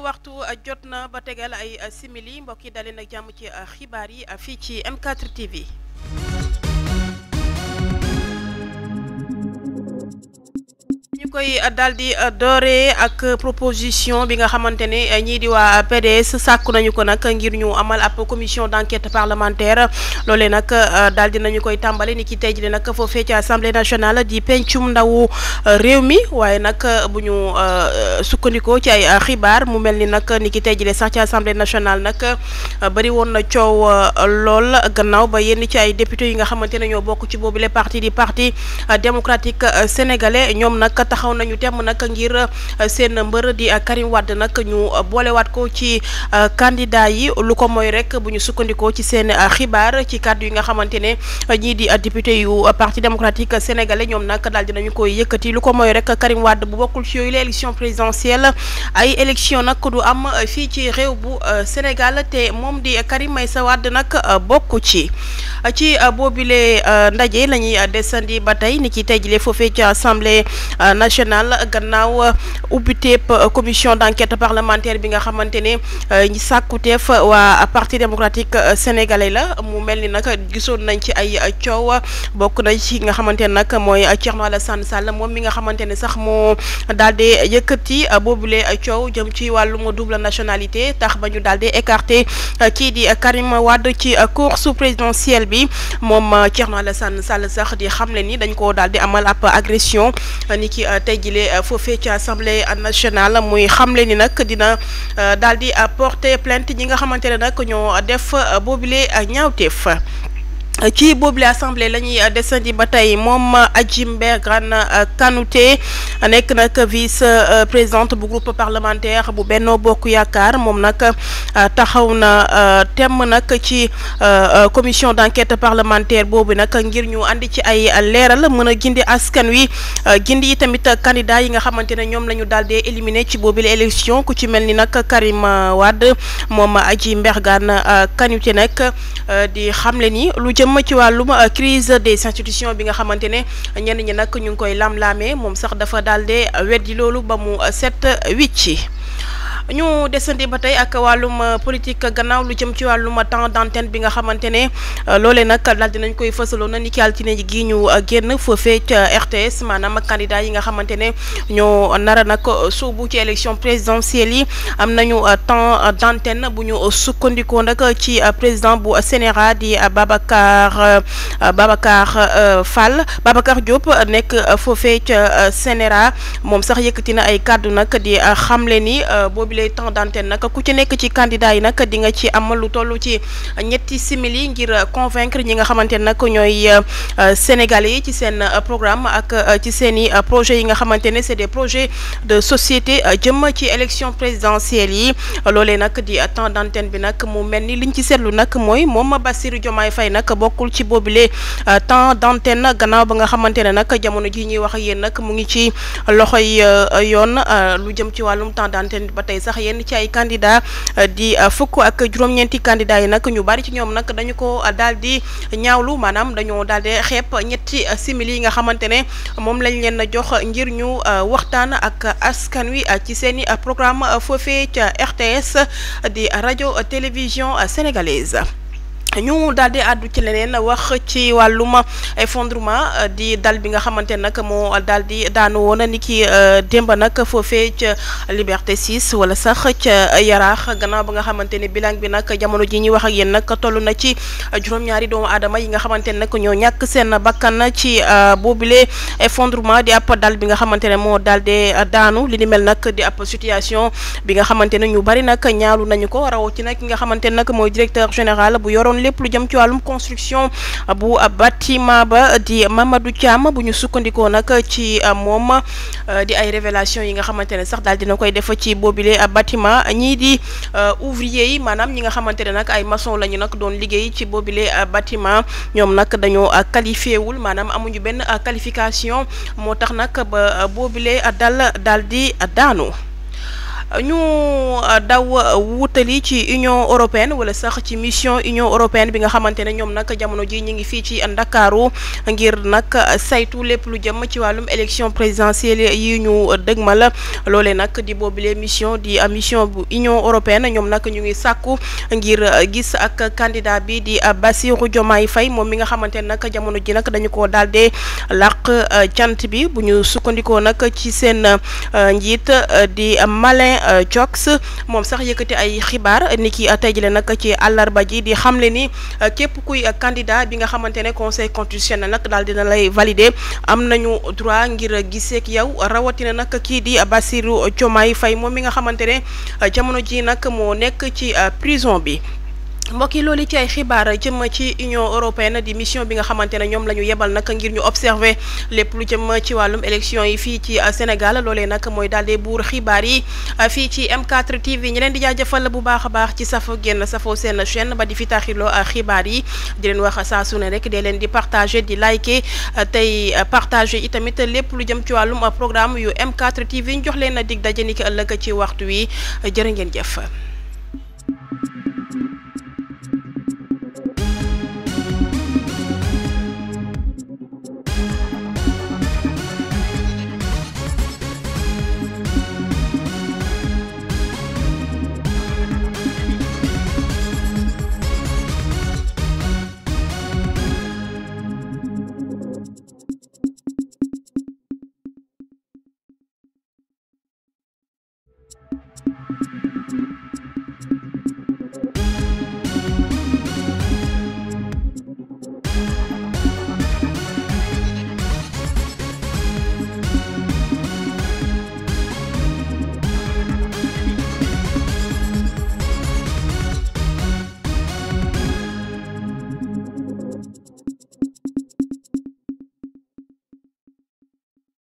waxtu euh, jot na ba tegal ay euh, simili mbokk yi dalee na jàmm ci euh, xibaar yi fii ci M4 TV. ñu koy euh, daal euh, dooree ak proposition bi nga xamante ne euh, ñii di waa PDS sàkku nañu ko nag ngir ñu amal ab commission d' enquête parlementaire loolee nag daal di nañu koy tàmbale ni ki tey jii nag foofee ci assemblée nationale di pencum ndaw réew mi waaye nag bu ñu sukkandikoo ci ay xibaar mu mel ni nag ni ki tey jii sax ci assemblée nationale nag bari woon na coow lool gannaaw ba yenn ci ay député yi nga xamante ne ñoo bokk ci boobu le parti di parti démocratique sénégalais ñoom nag. taxaw nañu temm nag ngir euh, seen mbër di euh, Karim Wade nag ñu euh, boolewaat ko ci candidat yi lu ko mooy rek bu ñu sukkandikoo ci seen xibaar ci kàddu yi nga xamante ne ñii di député yu parti démocratique sénégalais ñoom nag daal dinañu koy yëkkati lu ko mooy rek Karim Wade bu bokkul ci yooyu la élection présidentielle ay élection nag du am fii ci réew bu Sénégal te moom di Karim Meïssa Wade nag bokk ci ci euh, boobile euh, ndaje la ñuy euh, desandi ba tey ni ki tey jile foofee ci assemblée nationale gannaaw ubbiteeb commission d' enquête parlementaire bi nga xamante ne ñi sàkkuteef waa parti démocratique sénégalais la mu mel ni nag gisoon nañ ci ay coow bokk nañ ci nga xamante ne nag mooy Thierno Alassane Sall moom mi nga xamante ne sax moo daal di yëkkati boobule coow jëm ci wàllum double nationalité tax ba ñu daal di écarté kii di Karim Wade ci course présidentielle. bi moom euh, Thierno sànn Sall sax di xamle ni dañ ko daal di amal ab agression euh, ni ki euh, tey jile foofee ci assemblée nationale muy xamle ni nag dina daal di porter plainte ñi nga xamante ne nag ñoo def boobile ñaawteef. ci boobu la assemblée la ñuy desandi ba tey moom Adjimberg Kanouté nekk nag vice présidente bu groupe parlementaire bu Benno Bokk Yaakaar moom nag euh, taxaw na euh, temm nag ci euh, commission d'enquête parlementaire boobu nag ngir ñu andi ci ay leeral mën a gindi askan wi gindi yi tamit candidat yi nga xamante ne ñoom la ñu daal di éliminer ci boobu la élection ku ci mel ni nag Karim Wade moom Adjimberg Kanouté nag di xamle ni lu jëm jëm ci wàllum euh, crise des institutions bi nga xamante ne ñenn ñi nag ñu ngi koy lam-laamee moom sax dafa daal de weddi loolu ba mu euh, set wicc ñu desandi ba tey ak wàllum euh, politique gannaaw lu jëm ci wàllum temps d'antenne bi nga xamante ne euh, loolee nag daal dinañ koy fësaloo na ni ki altine ji gii ñu euh, génn foofee ca RTS maanaam candidat yi nga xamante ne ñoo nara nag suubu ci élection présidentielle yi am nañu temps d'antenne bu ñu sukkandikoo nag ci président bu Sénégal di Babacar Babacar Fall Babacar Diop nekk foofee ca Sénégal moom sax yëkkati na ay kàddu nag di xamle ni boobu les temps d'antenne nag ku ci nekk ci candidat yi nag di nga ci am lu toll ci ñetti simili ngir convaincre ñi nga xamante ne nag ñooy euh, sénégal yi ci seen euh, programme ak euh, ci seen i projets yi nga xamante ne c'est des projets de société jëm ci élection présidentielle yi loolee nag di temps d'antenne bi nag mu mel ni liñ ci seetlu nag mooy moom ma Bassirou Diomaye fay nag bokkul ci boobule temps d'antenne gannaaw ba nga xamante ne nag jamono ji ñuy wax ak yéen nag mu ngi ci loxoy yoon lu jëm ci wàllum temps d'antenne sax yenn ci ay candidat euh, di euh, fukk ak juróom-ñeenti yi nag ñu bari ci ñoom nag dañu ko euh, daal di ñaawlu maanaam dañoo daal di xeeb ñetti simili yi nga xamante ne moom lañ leen jox ngir ñu waxtaan ak askan wi ci seeni programme foofee ca RTS di rajo télévision sénégalaise ñu daal di àddu ci leneen wax ci wàllum effondrement euh, di dal bi nga xamante nag moo daal di daanu woon ni ki euh, démb nag foofee ca Liberté 6 wala sax ca Yaraax gannaaw ba nga xamante ni bilan bi nag jamono ji ñuy wax ak yéen nag toll na ci juróom-ñaari doomu aadama yi nga xamante ne nag ñoo ñàkk seen bakkan ci euh, boobule effondrement di ab dal bi nga xamante ne moo daal di daanu li ni mel nag di ab situation bi nga xamante ne ñu bari nag ñaalu nañu ko rawatina ki nga xamante ne nag mooy directeur général bu yoroon. lépp lu jëm ci wàllum construction bu bâtiment ba di Mamadou Thiam bu ñu sukkandikoo nag ci moom euh, di ay révélation yi nga xamante ne sax daal dina koy def ci boobile bâtiment ñii di euh, ouvrier yi maanaam ñi nga xamante ne nag ay maçon la ñu nag doon liggéey ci boobile bâtiment ñoom nag dañoo euh, qualifié wul maanaam amuñu benn qualification moo tax nag ba boobile dal daal di a daanu ñu euh, daw euh, wutali ci Union européenne wala sax ci mission Union européenne bi nga xamante ne ñoom nag jamono ji ñu ngi fii ci Ndakaaru ngir nag euh, saytu lépp lu jëm ci wàllum élection présidentielle yi ñu dëgmal loole nag di boobule mission di mission bu Union européenne ñoom nag ñu ngi sàkku ngir gis ak candidat bi di Bassirou Diomaye Faye moom mi nga xamante ne nag jamono ji nag dañu ko daal di làq cant bi bu ñu sukkandikoo nag ci seen njiit di Malin Cox euh, moom sax yëkkati ay xibaar nit ki euh, tey jii nag ci àllarba ji di xamle ni euh, képp kuy candidat bi nga xamante ne conseil constitutionnel nag daal dina lay valider am nañu droit ngir giseek yow rawatina nag kii di Bassirou Diomaye Faye moom mi nga xamante ne jamono ji nag moo nekk ci prison bi. mbokk yi loolu ci ay xibaar jëm ci union européenne di mission bi nga xamante ne ñoom la yebal nag ngir ñu observer lépp lu jëm ci wàllum élection yi fii ci euh, Sénégal loolee nag mooy daal di buur xibaar yi euh, fii ci M4 TV ñu leen di jaajëfal bu baax a baax ci safo génn safo seen chaîne ba di fi taxiloo euh, xibaar yi di leen wax saa su ne rek di leen di partager di liker tey partager itamit lépp lu jëm ci wàllum programme yu M4 TV ñu jox leen dig daje ni ki ëllëg ci waxtu wi jërë ngeen jëf.